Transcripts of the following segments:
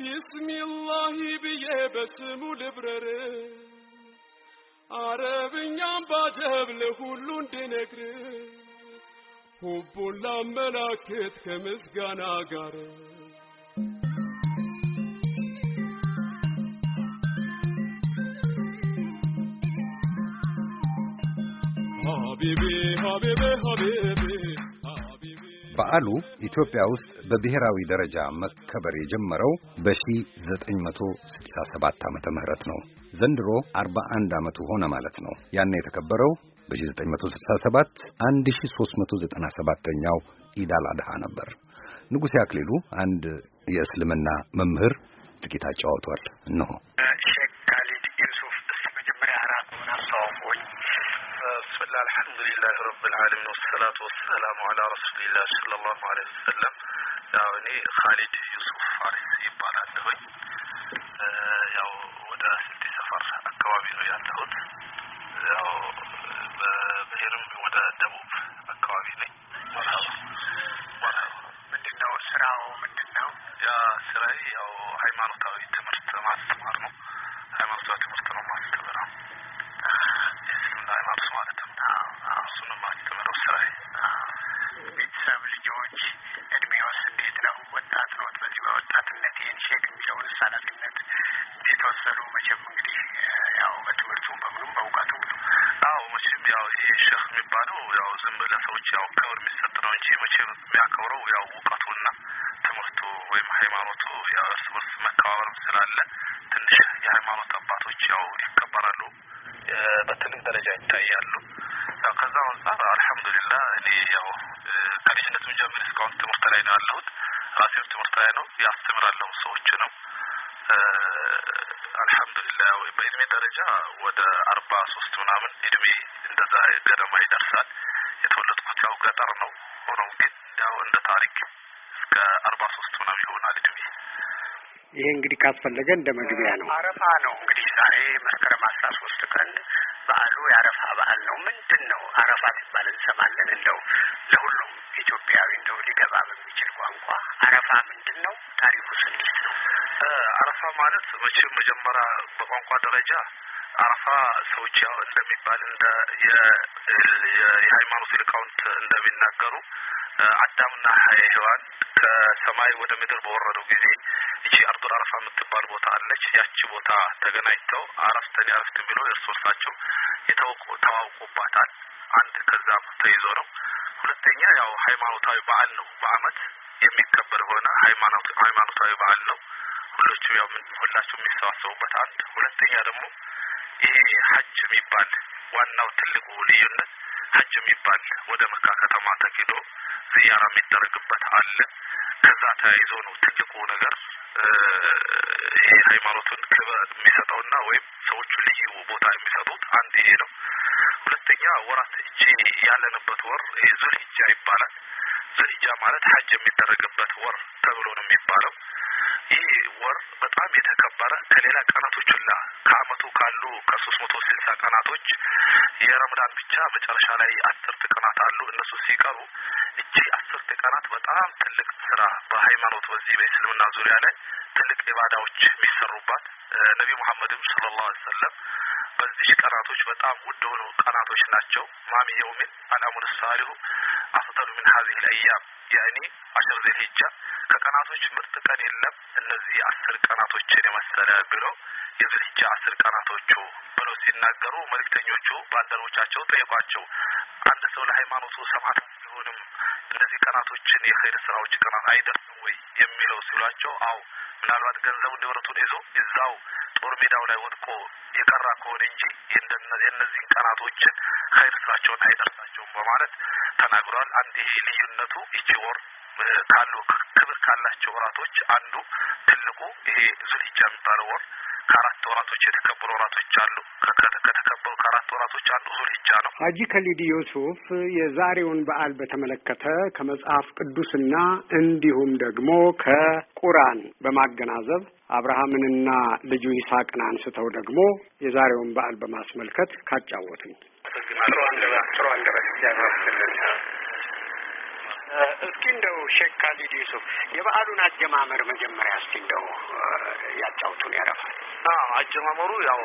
بسم الله بيه بسمو لبرره عربኛም ባጀብ ለሁሉ እንድነግር ሁቡን ላመላክት ከምስጋና ጋር حبيبي حبيبي حبيبي በዓሉ ኢትዮጵያ ውስጥ በብሔራዊ ደረጃ መከበር የጀመረው በ1967 ዓመተ ምህረት ነው። ዘንድሮ 41 ዓመቱ ሆነ ማለት ነው። ያን የተከበረው በ1967 1397ኛው ኢድ አል አድሃ ነበር። ንጉሴ አክሊሉ አንድ የእስልምና መምህር ጥቂት አጫውቷል። እነሆ አልሐምዱሊላህ ረብል ዓለሚን ወሰላቱ ወሰላሙ አላ ረሱሊላህ ሰለላሁ ዐለይሂ ወሰለም። ያው እኔ ኻሊድ ዩሱፍ ፋሪስ ይባላለሁኝ። ያው ወደ ስልጤ ሰፈር አካባቢ ነው ያለሁት። ያው የመሳሰሉ መቼም እንግዲህ ያው በትምህርቱም በምኑም በእውቀቱም አዎ መቼም ያው ይሄ ሸህ የሚባለው ያው ዝም ለሰዎች ያው ክብር የሚሰጥ ነው እንጂ መቼም የሚያከብረው ያው እውቀቱና ትምህርቱ ወይም ሃይማኖቱ ያው እርስ በርስ መከባበር ስላለ ትንሽ የሃይማኖት አባቶች ያው ይከበራሉ፣ በትልቅ ደረጃ ይታያሉ። ያው ከዛ አንጻር አልሐምዱሊላ እኔ ያው ከልጅነቱም ጀምር እስካሁን ትምህርት ላይ ነው ያለሁት። ራሴም ትምህርት ላይ ነው ያስተምራለሁ ነው አልሐምዱሊላህ በእድሜ ደረጃ ወደ አርባ ሶስት ምናምን እድሜ እንደዛ ገደማ ይደርሳል። የተወለድኩት ያው ገጠር ነው። ሆኖም ግን ያው እንደ ታሪክ እስከ አርባ ሶስት ምናምን ይሆናል እድሜ። ይሄ እንግዲህ ካስፈለገ እንደ መግቢያ ነው። አረፋ ነው እንግዲህ ዛሬ መስከረም አስራ ሶስት ቀን በዓሉ የአረፋ በዓል ነው። ምንድን ነው አረፋ ሲባል እንሰማለን። እንደው ለሁሉም ኢትዮጵያዊ እንደው ሊገባ በሚችል ቋንቋ አረፋ ምንድን ነው? ታሪኩ ስንት ነው? አረፋ ማለት መቼም መጀመሪያ በቋንቋ ደረጃ አረፋ ሰዎች ያው እንደሚባል እንደ የሃይማኖት ሊቃውንት እንደሚናገሩ አዳምና ሔዋን ከሰማይ ወደ ምድር በወረዱ ጊዜ እቺ አርዶር አረፋ የምትባል ቦታ አለች። ያቺ ቦታ ተገናኝተው አረፍተን ያረፍትን ብሎ እርስ በርሳቸው የተዋውቁባታል። አንድ ከዛ ተይዞ ነው። ሁለተኛ ያው ሃይማኖታዊ በዓል ነው። በአመት የሚከበር ሆነ ሃይማኖታዊ በዓል ነው። ሁሎቹ ያው ሁላቸው የሚሰባሰቡበት አንድ። ሁለተኛ ደግሞ ይሄ ሀጅ የሚባል ዋናው ትልቁ ልዩነት ሀጅ የሚባል ወደ መካ ከተማ ተኪዶ ዝያራ የሚደረግበት አለ። ከዛ ተያይዞ ነው ትልቁ ነገር ይሄ ሃይማኖቱን ክብር የሚሰጠውና ወይም ሰዎቹ ልዩ ቦታ የሚሰጡት አንድ ይሄ ነው። ሁለተኛ ወራት እቺ ያለንበት ወር ይሄ ዙልሂጃ ይባላል። ዙልሂጃ ማለት ሀጅ የሚደረግበት ወር ተብሎ ነው የሚባለው። ይህ ወር በጣም የተከበረ ከሌላ ቀናቶች ሁላ ከአመቱ ካሉ ከሶስት መቶ ስልሳ ቀናቶች የረምዳን ብቻ መጨረሻ ላይ አስርት ቀናት አሉ። እነሱ ሲቀሩ እቺ አስርት ቀናት በጣም ትልቅ ስራ በሃይማኖት በዚህ በእስልምና ዙሪያ ላይ ትልቅ ኢባዳዎች የሚሰሩባት ነቢ ሙሐመድም ሰለላሁ ዐለይሂ ወሰለም በዚህ ቀናቶች በጣም ውድ የሆኑ ቀናቶች ናቸው። ማሚ የውሚን አላሙን ሳሊሁ አፍደሉ ምን ሀዚህ ለአያም ያኒ አሽር ዘልሂጃ ከቀናቶች ምርጥ ቀን የለም እነዚህ አስር ቀናቶችን የመሰለ ብለው የፍጥጫ አስር ቀናቶቹ ብለው ሲናገሩ መልክተኞቹ ባልደረቦቻቸው ጠየቋቸው። አንድ ሰው ለሃይማኖቱ ሰማዕት ቢሆንም እነዚህ ቀናቶችን የኸይር ስራዎች ቀናት አይደርስም ወይ የሚለው ሲሏቸው፣ አው ምናልባት ገንዘቡ ንብረቱን ይዞ እዛው ጦር ሜዳው ላይ ወድቆ የቀራ ከሆነ እንጂ የእነዚህን ቀናቶችን ኸይር ስራቸውን አይደርሳቸውም በማለት ተናግሯል። አንድ ልዩነቱ ይቺ ወር ካሉ ክብር ካላቸው ወራቶች አንዱ ትልቁ ይሄ ዙልሂጃ የሚባለው ወር ከአራት ወራቶች የተከበሩ ወራቶች አሉ። ከተከበሩ ከአራት ወራቶች አንዱ ዙልሂጃ ነው። ሀጂ ከሊድ ዩሱፍ የዛሬውን በዓል በተመለከተ ከመጽሐፍ ቅዱስና እንዲሁም ደግሞ ከቁርአን በማገናዘብ አብርሃምንና ልጁ ይስሐቅን አንስተው ደግሞ የዛሬውን በዓል በማስመልከት ካጫወቱኝ ጥሩ አንደበት ጥሩ አንደበት እስኪ እንደው ሼክ ካሊድ ዩሱፍ የበዓሉን አጀማመር መጀመሪያ እስኪ እንደው ያጫውቱን ያረፋል። አዎ አጀማመሩ ያው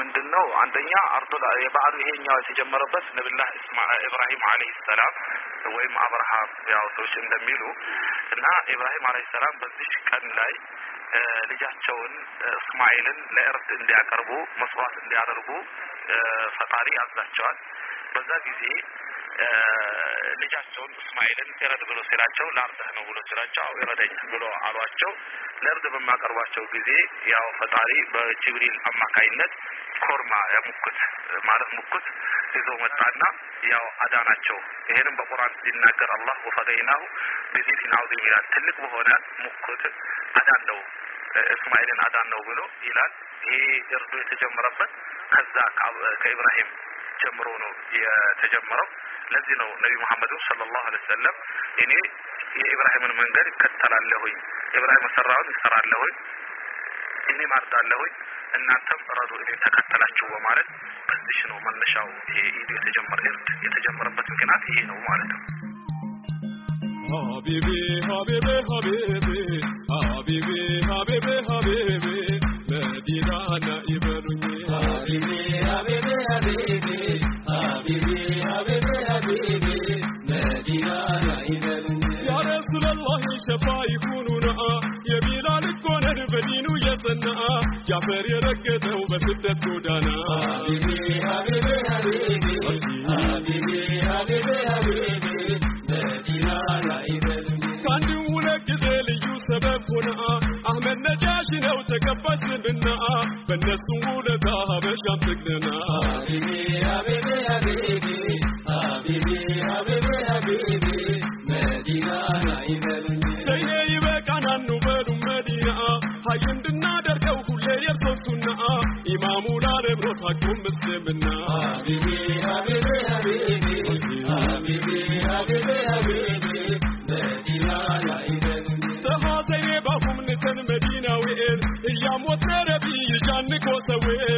ምንድን ነው? አንደኛ አርዶ የበዓሉ ይሄኛው የተጀመረበት ነብላህ እስማ ኢብራሂም አለይሂ ሰላም ወይም አብርሃም ያው ሰዎች እንደሚሉ እና ኢብራሂም አለይሂ ሰላም በዚህ ቀን ላይ ልጃቸውን እስማኤልን ለእርድ እንዲያቀርቡ መስዋዕት እንዲያደርጉ ፈጣሪ ያዛቸዋል። በዛ ጊዜ ልጃቸውን እስማኤልን እረድ ብሎ ሲላቸው ላርድህ ነው ብሎ ሲላቸው አው ይረደኝ ብሎ አሏቸው። ለእርድ በማቀርቧቸው ጊዜ ያው ፈጣሪ በጅብሪል አማካይነት ኮርማ ያሙኩት ማለት ሙኩት ይዞ መጣና ያው አዳናቸው። ይሄንም በቁርአን ሲናገር አላህ ወፈደይናሁ ቢዚፍን ዐዚም ይላል። ትልቅ በሆነ ሙኩት አዳን ነው እስማኤልን አዳን ነው ብሎ ይላል። ይሄ እርዱ የተጀመረበት ከዛ ከኢብራሂም ጀምሮ ነው የተጀመረው። ለዚህ ነው ነቢ መሐመድን ሰለላሁ ዐለይሂ ወሰለም እኔ የኢብራሂምን መንገድ እከተላለሁኝ ኢብራሂም ሰራውን እሰራለሁኝ እኔ ማርዳለሁኝ እናንተም ረዱ እኔ ተከተላችሁ በማለት በዚህ ነው መነሻው። ይሄ ኢድ የተጀመረ እርድ የተጀመረበት ምክንያት ይሄ ነው ማለት ነው። ሀቢቢ ሀቢቢ ሀቢቢ ሀቢቢ ሀቢቢ ሀቢቢ ለዲዳና ይበሉኝ ሀቢቢ ሀቢቢ ሀቢቢ ሸፋ ይኩኑና የቢላል ኮነር በዲኑ የጸናአ ጃፈር የረገጠው በስደት ጎዳና ልዩ ነው ተቀባይ I'm Yeah.